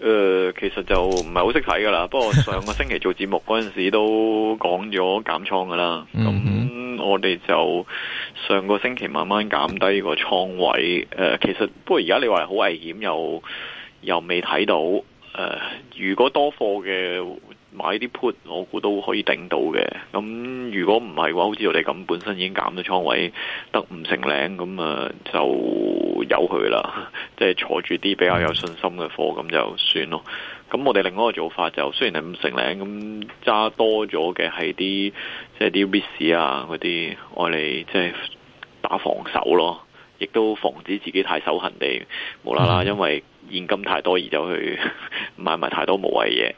誒、呃，其實就唔係好識睇噶啦。 不過上個星期做節目嗰陣時都講咗減倉噶啦。咁 我哋就上個星期慢慢減低個倉位。誒、呃，其實不過而家你話好危險，又又未睇到。誒、呃，如果多貨嘅買啲 put，我估都可以頂到嘅。咁如果唔係嘅話，好似我哋咁，本身已經減咗倉位得唔成零，咁啊、呃、就。會有佢啦，即係坐住啲比較有信心嘅貨，咁就算咯。咁我哋另外一個做法就雖然係五成零，咁揸多咗嘅係啲即係啲 risk 啊嗰啲，愛嚟，即係、啊、打防守咯，亦都防止自己太手痕地無啦啦，因為現金太多而走去 買埋太多無謂嘢。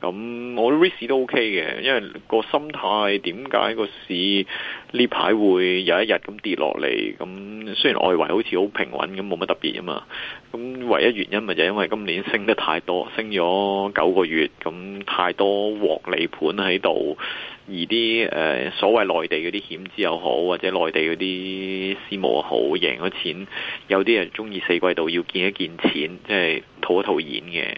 咁、嗯、我 risk 都 OK 嘅，因為個心態，點解個市呢排會有一日咁跌落嚟？咁、嗯、雖然外圍好似好平穩咁，冇乜特別啊嘛。咁、嗯、唯一原因咪就因為今年升得太多，升咗九個月，咁、嗯、太多獲利盤喺度，而啲誒、呃、所謂內地嗰啲險資又好，或者內地嗰啲私募又好，贏咗錢，有啲人中意四季度要見一見錢，即係。套一套演嘅，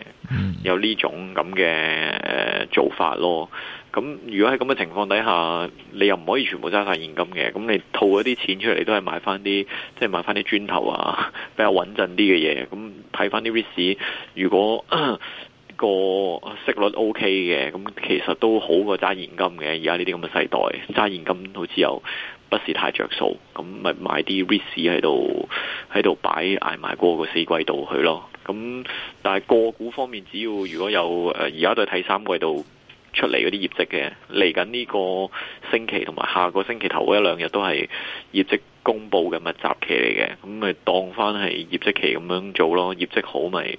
有呢種咁嘅做法咯。咁如果喺咁嘅情況底下，你又唔可以全部揸晒現金嘅。咁你套一啲錢出嚟，都係買翻啲即係買翻啲磚頭啊，比較穩陣啲嘅嘢。咁睇翻啲 risk，如果個息率 OK 嘅，咁其實都好過揸現金嘅。而家呢啲咁嘅世代揸現金好似又不是太着數，咁咪買啲 risk 喺度。喺度擺挨埋過個四季度去咯，咁但係個股方面，只要如果有誒而家都係睇三季度出嚟嗰啲業績嘅，嚟緊呢個星期同埋下個星期頭一兩日都係業績公布嘅密集期嚟嘅，咁咪當翻係業績期咁樣做咯，業績好咪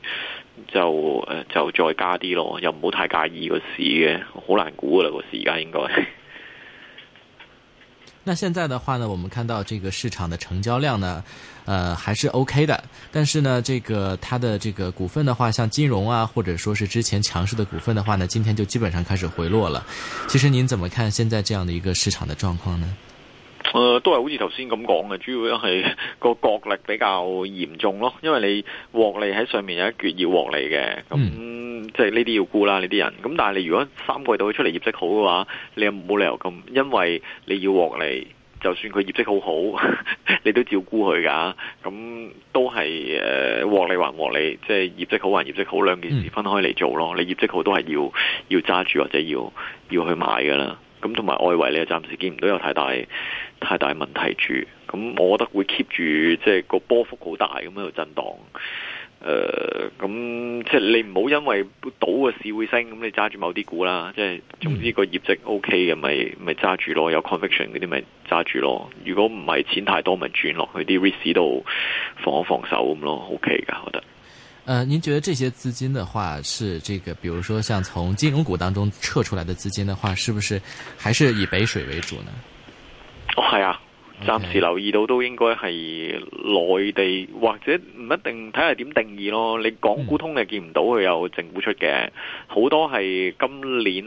就誒就，就再加啲咯，又唔好太介意個市嘅，好難估噶啦個市而家應該。那現在的話呢，我們看到這個市場的成交量呢，呃，還是 O、OK、K 的。但是呢，這個它的這個股份的話，像金融啊，或者說是之前強勢的股份的話呢，今天就基本上開始回落了。其實您怎麼看現在這樣的一個市場的狀況呢？呃，對，好似頭先咁講嘅，主要係個角力比較嚴重咯，因為你獲利喺上面有一撅要獲利嘅，咁、嗯。即係呢啲要估啦，呢啲人。咁但係你如果三個季度出嚟業績好嘅話，你又冇理由咁，因為你要獲利，就算佢業績好好， 你都照估佢噶。咁、嗯、都係誒、呃、獲利還獲利，即、就、係、是、業績好還業績好兩件事分開嚟做咯。你業績好都係要要揸住或者要要去買噶啦。咁同埋外圍你又暫時見唔到有太大太大問題住。咁、嗯、我覺得會 keep 住即係個波幅好大咁喺度震盪。誒，咁、呃、即係你唔好因為賭嘅市會升，咁你揸住某啲股啦。即係總之個業績 OK 嘅，咪咪揸住咯。有 conviction 嗰啲咪揸住咯。如果唔係錢太多轉，咪轉落去啲 risk 度防一防守咁咯,咯。OK 噶，我覺得、呃。誒，按得您覺得這些資金的話，是這個，比如說像從金融股當中撤出來的資金的話，是不是還是以北水為主呢？哦，係啊。暫時留意到都應該係內地，或者唔一定，睇下點定義咯。你港股通你見唔到佢有政府出嘅，好多係今年、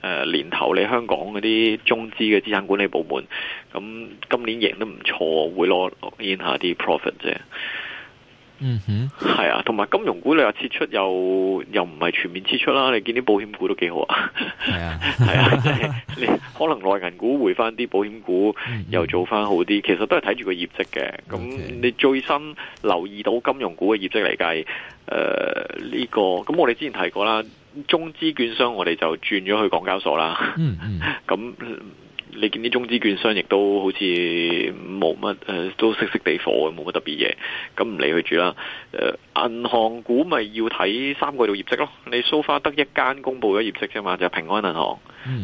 呃、年頭你香港嗰啲中資嘅資產管理部門，咁、嗯、今年贏都唔錯，會攞 In 下啲 profit 啫。嗯哼，係、mm hmm. 啊，同埋金融股你話撤出又又唔係全面撤出啦。你見啲保險股都幾好啊，係啊係啊， 你可能內銀股回翻啲，保險股又做翻好啲。其實都係睇住個業績嘅。咁你最新留意到金融股嘅業績嚟計？誒、呃，呢、這個咁我哋之前提過啦，中資券商我哋就轉咗去港交所啦。咁、mm。Hmm. 你見啲中資券商亦都好似冇乜，誒、呃、都熄熄地火，冇乜特別嘢，咁唔理佢住啦。誒、呃、銀行股咪要睇三個季度業績咯。你、so、far 得一間公布咗業績啫嘛，就係、平安銀行。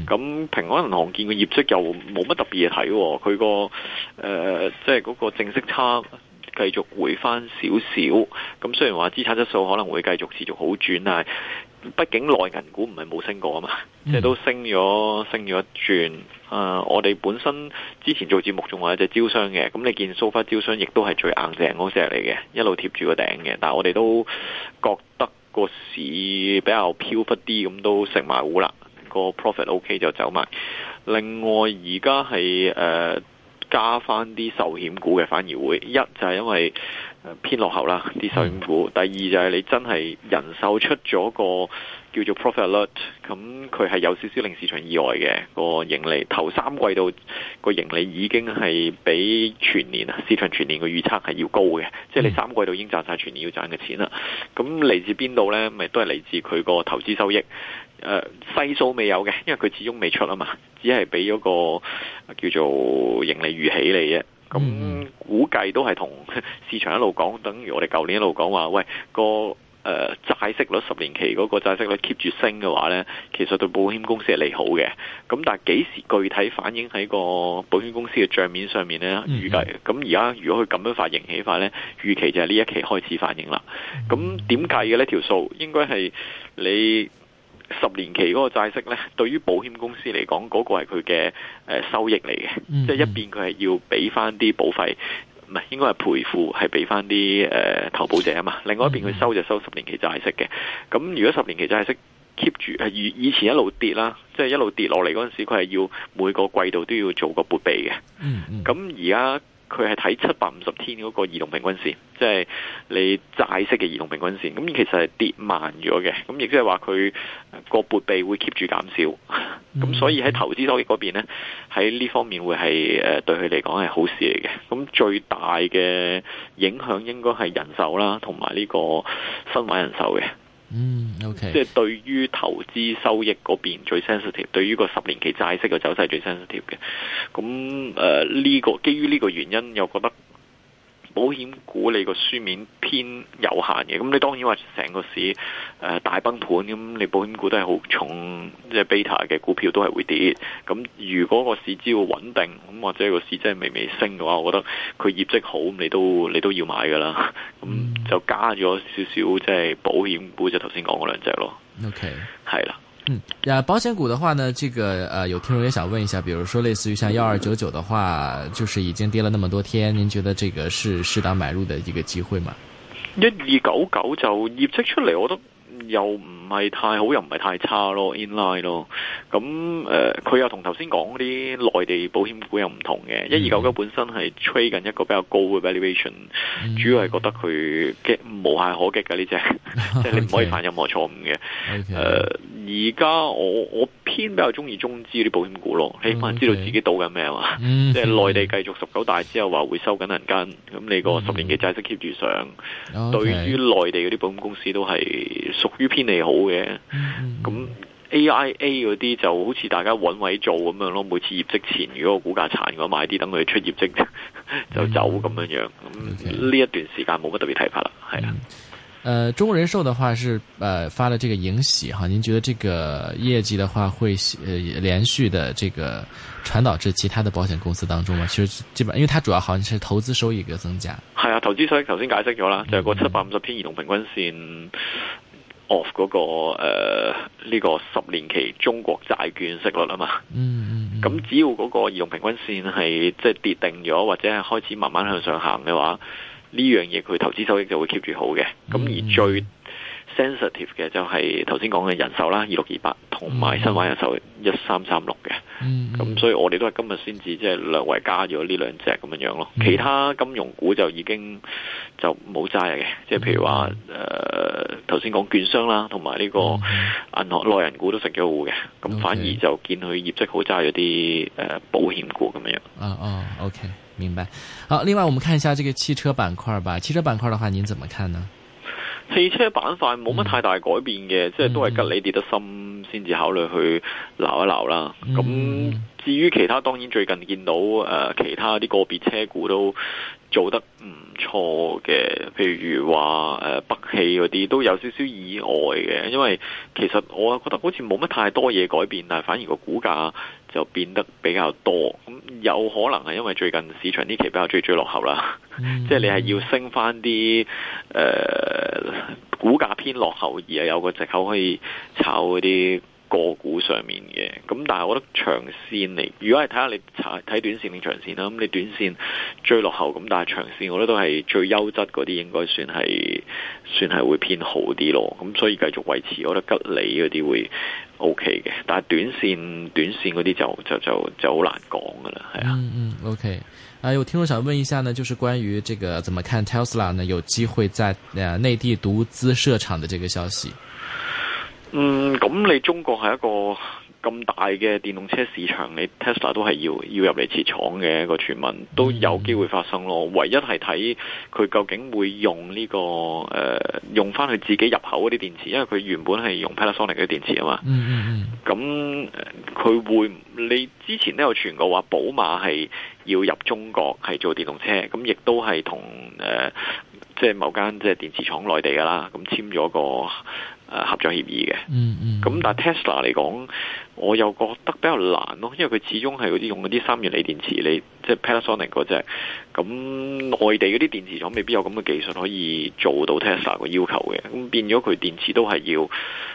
咁、嗯、平安銀行見個業績又冇乜特別嘢睇，佢、呃就係、個誒即係嗰個淨息差。繼續回返少少，咁雖然話資產質素可能會繼續持續好轉啊，但係畢竟內銀股唔係冇升過啊嘛，嗯、即係都升咗升咗一轉。誒、呃，我哋本身之前做節目仲有一隻招商嘅，咁你見蘇、so、far 招商亦都係最硬淨嗰隻嚟嘅，一路貼住個頂嘅。但係我哋都覺得個市比較飄忽啲，咁都食埋糊啦。個 profit OK 就走埋。另外而家係誒。呃加翻啲壽險股嘅反而會一就係因為偏、呃、落後啦啲壽險股，第二就係你真係人壽出咗個叫做 profit alert，咁佢係有少少令市場意外嘅個盈利。頭三季度個盈利已經係比全年啊市場全年嘅預測係要高嘅，即係你三季度已經賺晒全年要賺嘅錢啦。咁嚟自邊度呢？咪都係嚟自佢個投資收益。誒，細數未有嘅，因為佢始終未出啊嘛，只係俾咗個叫做盈利預期嚟嘅。咁估計都係同市場一路講，等於我哋舊年一路講話，喂個誒債、呃、息率十年期嗰個債息率 keep 住升嘅話呢，其實對保險公司係利好嘅。咁但係幾時具體反映喺個保險公司嘅賬面上面呢？預計咁而家如果佢咁樣發盈喜法呢，預期就係呢一期開始反映啦。咁點計嘅呢條數？條數應該係你。十年期嗰個債息咧，對於保險公司嚟講，嗰、那個係佢嘅誒收益嚟嘅，嗯、即係一邊佢係要俾翻啲保費，唔係應該係賠付，係俾翻啲誒投保者啊嘛。另外一邊佢收就收十年期債息嘅。咁如果十年期債息 keep 住以以前一路跌啦，即係一路跌落嚟嗰陣時，佢係要每個季度都要做個撥備嘅。咁而家。嗯佢係睇七百五十天嗰個移動平均線，即係你債息嘅移動平均線。咁其實係跌慢咗嘅，咁亦即係話佢個撥備會 keep 住減少。咁所以喺投資收益嗰邊咧，喺呢方面會係誒對佢嚟講係好事嚟嘅。咁最大嘅影響應該係人壽啦，同埋呢個新華人壽嘅。嗯、mm，OK，即係對於投資收益嗰邊最 sensitive，對於個十年期債息嘅走勢最 sensitive 嘅。咁誒呢個基於呢個原因，又覺得保險股你個書面。偏有限嘅，咁你當然話成個市誒、呃、大崩盤，咁你保險股都係好重即係、就是、beta 嘅股票都係會跌。咁如果個市只要穩定，咁或者個市即係微微升嘅話，我覺得佢業績好，你都你都要買㗎喇。咁就加咗少少即係保險股，就頭先講嗰兩隻咯。OK，係啦了。嗯，啊保險股嘅話呢，這個、呃、有聽眾也想問一下，比如說類似於像幺二九九嘅話，就是已經跌了那麼多天，您覺得這個是適當買入嘅一個機會嗎？一二九九就業績出嚟，我覺得又唔係太好，又唔係太差咯，in line 咯。咁、嗯、誒，佢、嗯、又同頭先講啲內地保險股又唔同嘅。一二九九本身係 trade 緊一個比較高嘅 valuation，嗯、主要係覺得佢嘅、這個、無懈可擊㗎呢隻，Okay. 即係你唔可以犯任何錯誤嘅。誒。Okay. uh, 而家我我偏比較中意中資啲保險股咯，起碼知道自己賭緊咩嘛。Okay. Mm hmm. 即係內地繼續十九大之後話會收緊銀根，咁你個十年嘅債息 keep 住上，對於內地嗰啲保險公司都係屬於偏利好嘅。咁 AIA 嗰啲就好似大家揾位做咁樣咯，每次業績前如果股價殘，我買啲等佢出業績 就走咁樣。咁呢一段時間冇乜特別睇法啦，係啊。Mm hmm. 呃，中國人壽的話是，呃，發了這個盈喜，哈，您覺得這個業績的話會，呃，連續的這個傳導至其他的保險公司當中嗎？其實，基本，因為它主要好像是投資收益嘅增加。係啊，投資收益頭先解釋咗啦，就係個七百五十天移動平均線，off 嗰、那個，誒、呃，呢、這個十年期中國債券息率啊嘛。嗯，嗯，嗯。咁只要嗰個移動平均線係即係跌定咗，或者係開始慢慢向上行嘅話呢樣嘢佢投資收益就會 keep 住好嘅，咁、嗯、而最 sensitive 嘅就係頭先講嘅人壽啦，二六二八同埋新華人壽一三三六嘅，咁、嗯嗯啊、所以我哋都係今日先至即係略為加咗呢兩隻咁樣樣咯。其他金融股就已經就冇揸嘅，即係譬如話誒頭先講券商啦，同埋呢個銀行內銀股都食咗戶嘅，咁、啊、Okay. 反而就見佢業績好揸咗啲保險股咁樣樣，啊啊、uh, uh, OK。明白，好。另外，我們看一下這個汽車板塊吧。汽車板塊的話，您怎麼看呢？汽車板塊冇乜太大改變嘅，嗯、即係都係吉利跌得深先至考慮去撈一撈啦。咁、嗯、至於其他，當然最近見到誒、呃、其他啲個別車股都做得唔錯嘅，譬如話誒、呃、北汽嗰啲都有少少意外嘅，因為其實我覺得好似冇乜太多嘢改變，但係反而個股價就變得比較多，咁有可能係因為最近市場呢期比較最最落後啦，mm hmm. 即係你係要升翻啲誒股價偏落後而係有個藉口可以炒嗰啲。個股上面嘅，咁但係我覺得長線嚟，如果係睇下你睇短線定長線啦，咁你短線追落後，咁但係長線我覺得都係最優質嗰啲，應該算係算係會偏好啲咯，咁所以繼續維持，我覺得吉利嗰啲會 OK 嘅，但係短線短線嗰啲就就就就好難講噶啦，係啊、嗯。嗯 OK 哎，有我聽眾想問一下呢，就是關於這個怎麼看 Tesla 呢？有機會在、啊、內地獨資設廠的這個消息。嗯，咁你中國係一個咁大嘅電動車市場，你 Tesla 都係要要入嚟設廠嘅一個傳聞，都有機會發生咯。唯一係睇佢究竟會用呢、這個誒、呃，用翻佢自己入口嗰啲電池，因為佢原本係用 Panasonic 啲電池啊嘛。咁佢、嗯嗯嗯、會，你之前都有傳過話，寶馬係要入中國係做電動車，咁亦都係同誒。呃即係某間即係電池廠內地嘅啦，咁簽咗個誒、呃、合作協議嘅、嗯。嗯嗯。咁但係 Tesla 嚟講，我又覺得比較難咯，因為佢始終係啲用嗰啲三元鋰電池，你即係 Panasonic 嗰隻。咁、嗯、內地嗰啲電池廠未必有咁嘅技術可以做到 Tesla 個要求嘅。咁變咗佢電池都係要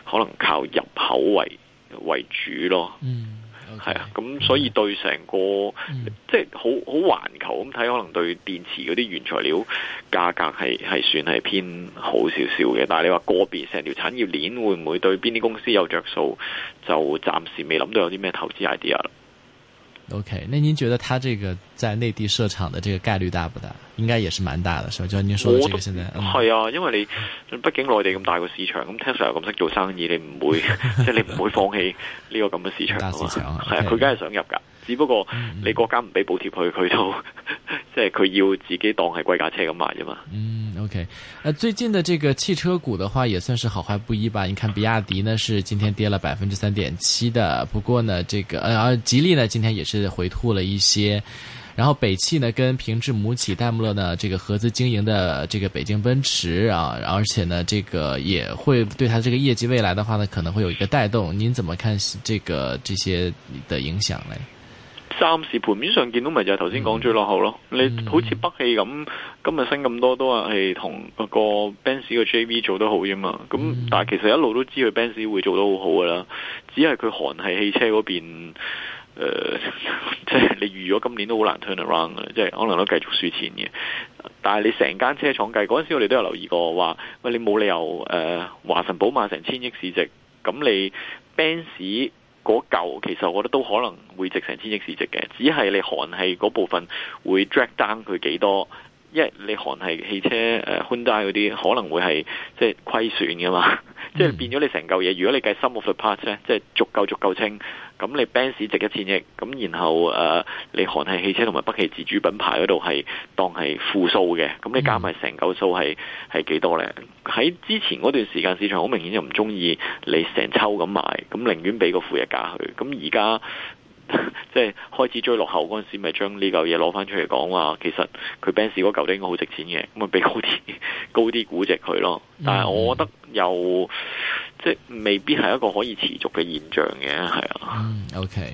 可能靠入口為為主咯。嗯。係啊，咁所以對成個即係好好環球咁睇，可能對電池嗰啲原材料價格係係算係偏好少少嘅。但係你話個別成條產業鏈會唔會對邊啲公司有着數，就暫時未諗到有啲咩投資 idea 啦。O.K.，那您覺得他這個在內地設廠的這個概率大不大？應該也是蠻大的，是吧？那我 就您說的這個現在係同、嗯、啊，因為你畢竟內地咁大個市場，咁聽上又咁識做生意，你唔會即係 你唔會放棄呢個咁嘅市場大市場、嗯、啊？係啊，佢梗係想入㗎。只不過你國家唔俾補貼佢，佢都即係佢要自己當係貴價車咁賣啫嘛。嗯，OK、呃。最近的這個汽車股的話，也算是好壞不一吧。你看，比亞迪呢是今天跌了百分之三點七的，不過呢，這個誒、呃、吉利呢今天也是回吐了一些。然後北汽呢跟平治母企戴姆勒呢，這個合資經營的這個北京奔馳啊，而且呢，這個也會對它這個業績未來的話呢，可能會有一個帶動。您怎麼看這個這些的影響呢？暫時盤面上見到，咪就係頭先講最落後咯。嗯、你好似北汽咁，今日升咁多都話係同個 Benz 個 JV 做得好啫嘛。咁、嗯、但係其實一路都知佢 Benz 會做得好好噶啦，只係佢韓系汽車嗰邊，呃、即係你預咗今年都好難 turn around 嘅，即係可能都繼續輸錢嘅。但係你成間車廠計嗰陣時，我哋都有留意過話，喂，你冇理由誒、呃、華晨寶馬成千億市值，咁你 Benz？嗰嚿其實我覺得都可能會值成千億市值嘅，只係你寒氣嗰部分會 drag down 佢幾多。因為你韓系汽車誒，Hyundai 嗰啲可能會係即係虧損噶嘛，即 係變咗你成嚿嘢。如果你計 sum of the parts 咧，即係足夠足夠清，咁你 Benz 值一千億，咁然後誒、uh，你韓系汽車同埋北汽自主品牌嗰度係當係負數嘅，咁你加埋成嚿數係係幾多咧？喺 之前嗰段時間，市場好明顯就唔中意你成抽咁買，咁寧願俾個負嘢價佢咁而家。 即係開始追落後嗰陣時，咪將呢嚿嘢攞翻出嚟講話，其實佢 Ben 氏嗰嚿啲應該好值錢嘅，咁咪俾高啲高啲估值佢咯。但係我覺得又即係未必係一個可以持續嘅現象嘅，係啊。嗯，o、okay.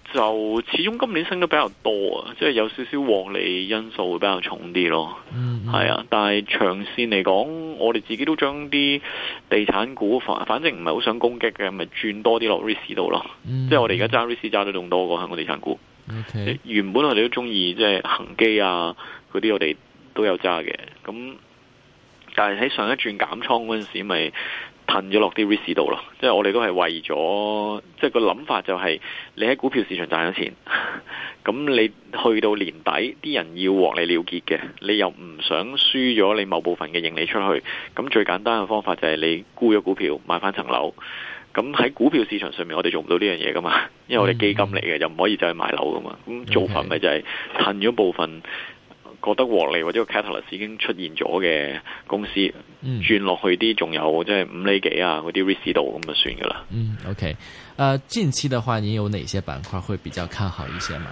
就始終今年升得比較多啊，即係有少少獲利因素會比較重啲咯。嗯，嗯，係啊，但係長線嚟講，我哋自己都將啲地產股反反正唔係好想攻擊嘅，咪轉多啲落 risk 度咯。嗯，即係我哋而家揸 risk 揸得仲多過香港地產股。Okay. 原本我哋都中意即係恒基啊嗰啲，我哋都有揸嘅。咁，但係喺上一轉減倉嗰陣時咪褪咗落啲 risk 度咯，即係我哋都係為咗，即係個諗法就係你喺股票市場賺咗錢，咁你去到年底，啲人要獲利了結嘅，你又唔想輸咗你某部分嘅盈利出去，咁最簡單嘅方法就係你沽咗股票買翻層樓，咁喺股票市場上面我哋做唔到呢樣嘢噶嘛，因為我哋基金嚟嘅，mm hmm. 又唔可以就去買樓噶嘛，咁做法咪就係褪咗部分。覺得獲利或者個 catalyst 已經出現咗嘅公司，嗯、轉落去啲仲有即係五厘幾啊嗰啲 recycle 咁就算噶啦。嗯，OK，誒、呃、近期嘅話，你有哪些板塊會比較看好一些嗎？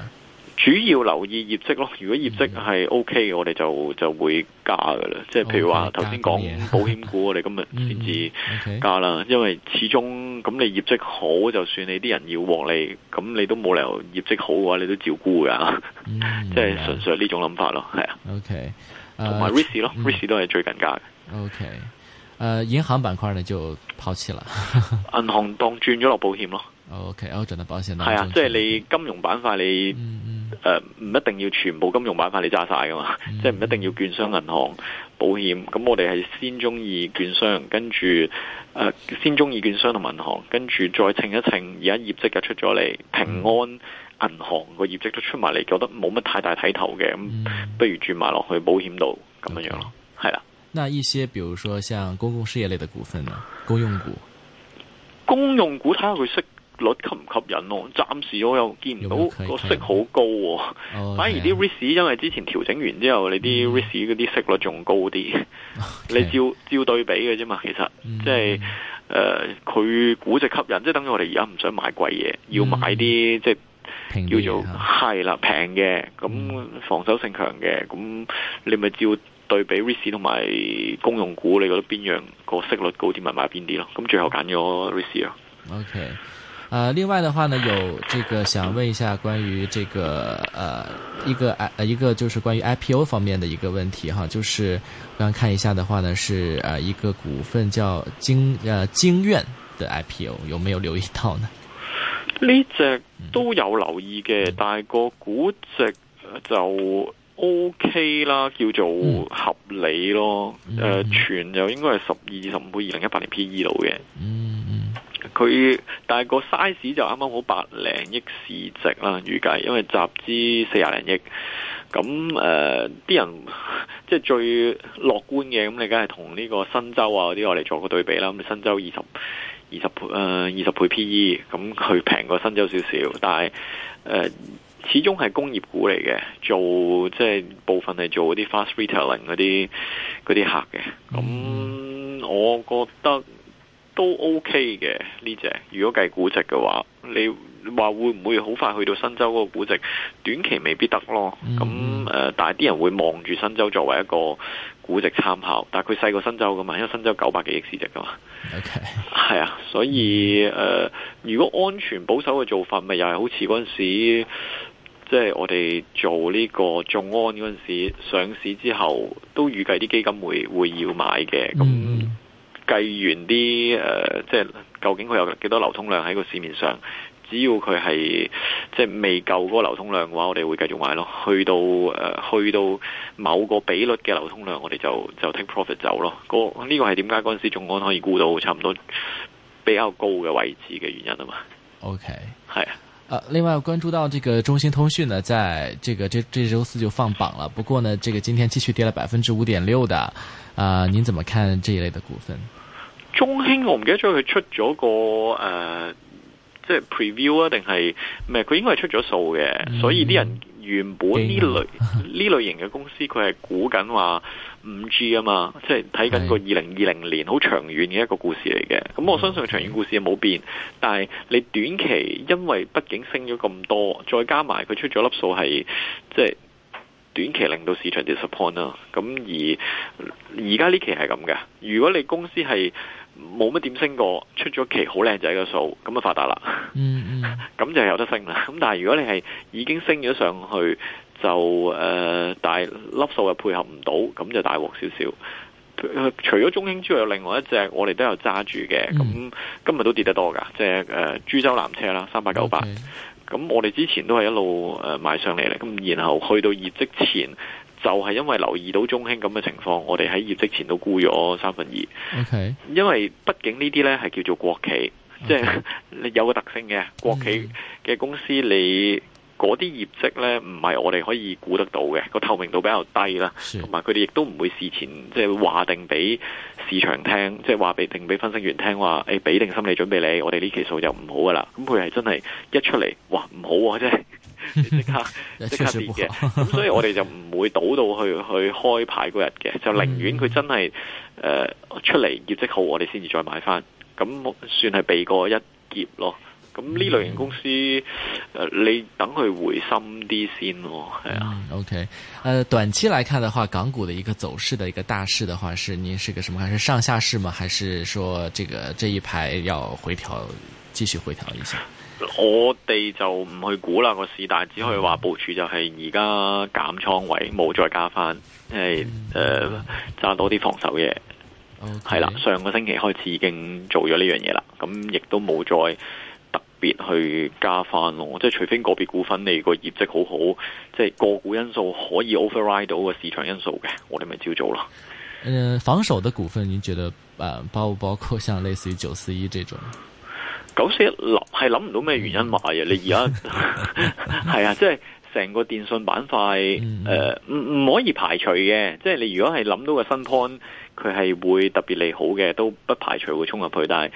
主要留意業績咯，如果業績係 O K 嘅，嗯、我哋就就會加㗎啦。即係譬如話頭先講保險股，我哋今日先至加啦，okay. 因為始終咁你業績好，就算你啲人要獲利，咁你都冇理由業績好嘅話，你都照顧噶。嗯、 即係純粹呢種諗法咯，係啊 Okay、uh，OK，同埋 risk 咯，risk 都係最近加嘅。OK，誒、uh, 銀行板塊呢就拋棄啦， 銀行當轉咗落保險咯。O K，我盡量把先啦。係、okay, 啊，啊，即係你金融板塊你，你誒唔一定要全部金融板塊你揸晒㗎嘛？嗯、即係唔一定要券商、銀行、嗯、保險。咁我哋係先鍾意券商，跟住誒、呃、先鍾意券商同銀行，跟住再稱一稱。而家業績就出咗嚟，平安、嗯、銀行個業績都出埋嚟，覺得冇乜太大睇頭嘅，咁不如轉埋落去保險度咁樣樣咯。係啦。嗱，一些，譬如說，像公共事業類的股份呢？公用股。公用股睇下佢息。率吸唔吸引咯？暫時我又見唔到有有個息好高喎、哦，oh, okay. 反而啲 risk 因為之前調整完之後，mm. 你啲 risk 嗰啲息率仲高啲。Okay. 你照照對比嘅啫嘛，其實、mm. 即係誒佢估值吸引，即係等於我哋而家唔想買貴嘢，要買啲、mm. 即係叫做係啦平嘅便，咁防守性強嘅，咁你咪照對比 risk 同埋公用股，你覺得邊樣個息率高啲，咪買邊啲咯？咁最後揀咗 risk 咯。OK。呃、另外的話呢，有這個想問一下關於這個，呃，一個 I，、呃、一個就是關於 IPO 方面的一個問題哈，就是剛看一下的話呢，是呃一個股份叫京，呃京苑的 IPO 有沒有留意到呢？呢隻都有留意嘅。嗯、但係個估值就 OK 啦，叫做合理咯，誒、嗯呃、全就應該係十二十五倍二零一八年 PE 度嘅。嗯嗯嗯佢但係個 size 就啱啱好百零億市值啦，預計因為集資四廿零億，咁誒啲人即係最樂觀嘅，咁你梗係同呢個新洲啊嗰啲我哋做個對比啦。咁新洲二十二十倍誒二十倍 PE，咁佢平過新洲少少，但係誒、呃、始終係工業股嚟嘅，做即係部分係做嗰啲 fast retailing 嗰啲啲客嘅，咁我覺得，都 OK 嘅，呢隻，如果計估值嘅話，你話會唔會好快去到新洲嗰個估值？短期未必得咯。咁誒、嗯嗯，但係啲人會望住新洲作為一個估值參考。但係佢細過新洲噶嘛，因為新洲九百幾億市值噶嘛。OK。係啊。所以誒、呃，如果安全保守嘅做法，咪又係好似嗰陣時，即、就、係、是、我哋做呢個眾安嗰陣時上市之後，都預計啲基金會會要買嘅。咁。嗯計完啲誒、呃，即係究竟佢有幾多流通量喺個市面上？只要佢係即係未夠嗰個流通量嘅話，我哋會繼續買咯。去到誒、呃，去到某個比率嘅流通量，我哋就就 take profit 走咯。個呢、這個係點解嗰陣時眾安可以估到差唔多比較高嘅位置嘅原因啊嘛。OK，係啊。Uh, 另外關注到這個中興通訊呢，在這個這這周四就放榜了，不過呢，這個今天繼續跌了百分之五點六的，啊、呃，您怎麼看這一類的股份？中興我唔記得咗佢出咗個誒、呃，即係 preview 啊，定係咩？唔係，佢應該係出咗數嘅，嗯、所以啲人、嗯。原本呢類呢 類型嘅公司，佢係估緊話五 G 啊嘛， 即係睇緊個二零二零年好長遠嘅一個故事嚟嘅。咁我相信長遠故事冇變， 但係你短期因為畢竟升咗咁多，再加埋佢出咗粒數係，即係短期令到市場 disappoint 啦。咁而而家呢期係咁嘅，如果你公司係。冇乜點升過，出咗期好靚仔嘅數，咁就發達啦，咁 就有得升啦。咁但係如果你係已經升咗上去，就誒、呃，但係粒數又配合唔到，咁就大鑊少少。除咗中興之外，有另外一隻我哋都有揸住嘅，咁、嗯、今日都跌得多噶，即係誒，株洲南車啦，三八九八。咁我哋之前都係一路誒、呃、買上嚟咧，咁然後去到業績前。就係因為留意到中興咁嘅情況，我哋喺業績前都估咗三分二。Okay. 因為畢竟呢啲呢係叫做國企，即係 Okay. 有個特性嘅國企嘅公司你，你嗰啲業績呢唔係我哋可以估得到嘅，個透明度比較低啦，同埋佢哋亦都唔會事前即係話定俾市場聽，即係話俾定俾分析員聽話，你、欸、俾定心理準備你，我哋呢期數就唔好噶啦。咁佢係真係一出嚟，哇，唔好啊，真係。即刻即刻跌嘅，咁所以我哋就唔會賭到去去開牌嗰日嘅， 就寧願佢真係、呃、出嚟業績好，我哋先至再買翻，咁算係避過一劫咯。咁、嗯、呢類型公司，呃、你等佢回心啲先咯、哦。啊 OK 短期來看的話，港股的一個走勢的一個大勢的話，是，你是一個什麼？還是上下市嘛？還是說，這個這一排要回調，繼續回調一下？我哋就唔去估啦個市，但係只可以話部署就係而家減倉位，冇再加翻，即係誒揸多啲防守嘢。係啦，上個星期開始已經做咗呢樣嘢啦，咁亦都冇再特別去加翻咯。即係除非個別股份你個業績好好，即係個股因素可以 override 到個市場因素嘅，我哋咪照做咯。嗯、呃，防守的股份，你覺得誒包唔包括像類似於九四一這種？九四一六係諗唔到咩原因買嘅，你而家係啊，即係成個電信板塊，誒唔唔可以排除嘅，即係你如果係諗到個新 point，佢係會特別利好嘅，都不排除會衝入去，但係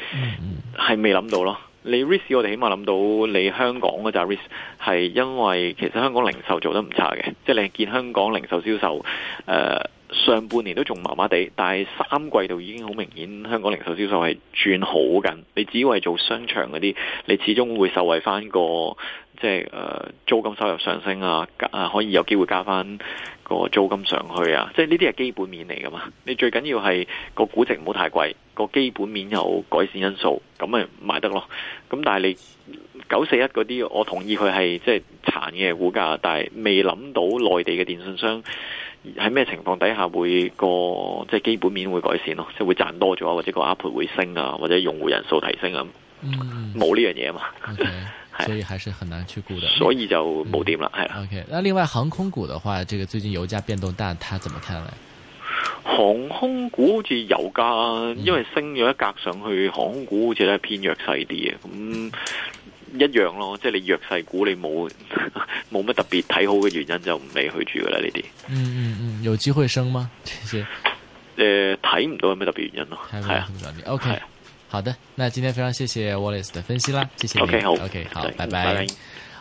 係 未諗到咯。你 risk 我哋起碼諗到你香港嘅就 risk 係因為其實香港零售做得唔差嘅，即係你見香港零售銷售誒。呃上半年都仲麻麻地，但係三季度已經好明顯，香港零售銷售係轉好緊。你只要係做商場嗰啲，你始終會受惠翻個即係誒租金收入上升啊，啊可以有機會加翻個租金上去啊。即係呢啲係基本面嚟噶嘛。你最緊要係個估值唔好太貴，個基本面有改善因素，咁咪買得咯。咁但係你九四一嗰啲，我同意佢係即係殘嘅股價，但係未諗到內地嘅電信商。喺咩情況底下會個即係基本面會改善咯，即係會賺多咗或者個 ARPU 會升啊，或者用戶人數提升啊，冇呢樣嘢啊嘛，okay, 是所以還是很難去估的。所以就冇掂啦，係啦、嗯。是 o、okay, K，那另外航空股嘅話，這個最近油價變動大，他怎麼看呢？航空股好似油價因為升咗一格上去，航空股好似咧偏弱勢啲嘅咁。嗯嗯一樣咯，即係你弱勢股，你冇冇乜特別睇好嘅原因就唔理去住噶啦呢啲。嗯嗯嗯，有機會升嗎？誒、 呃，睇唔到有咩特別原因咯。係啊，OK，啊好的，那今天非常謝謝 Wallace 嘅分析啦，謝謝你。好，OK 好，拜拜。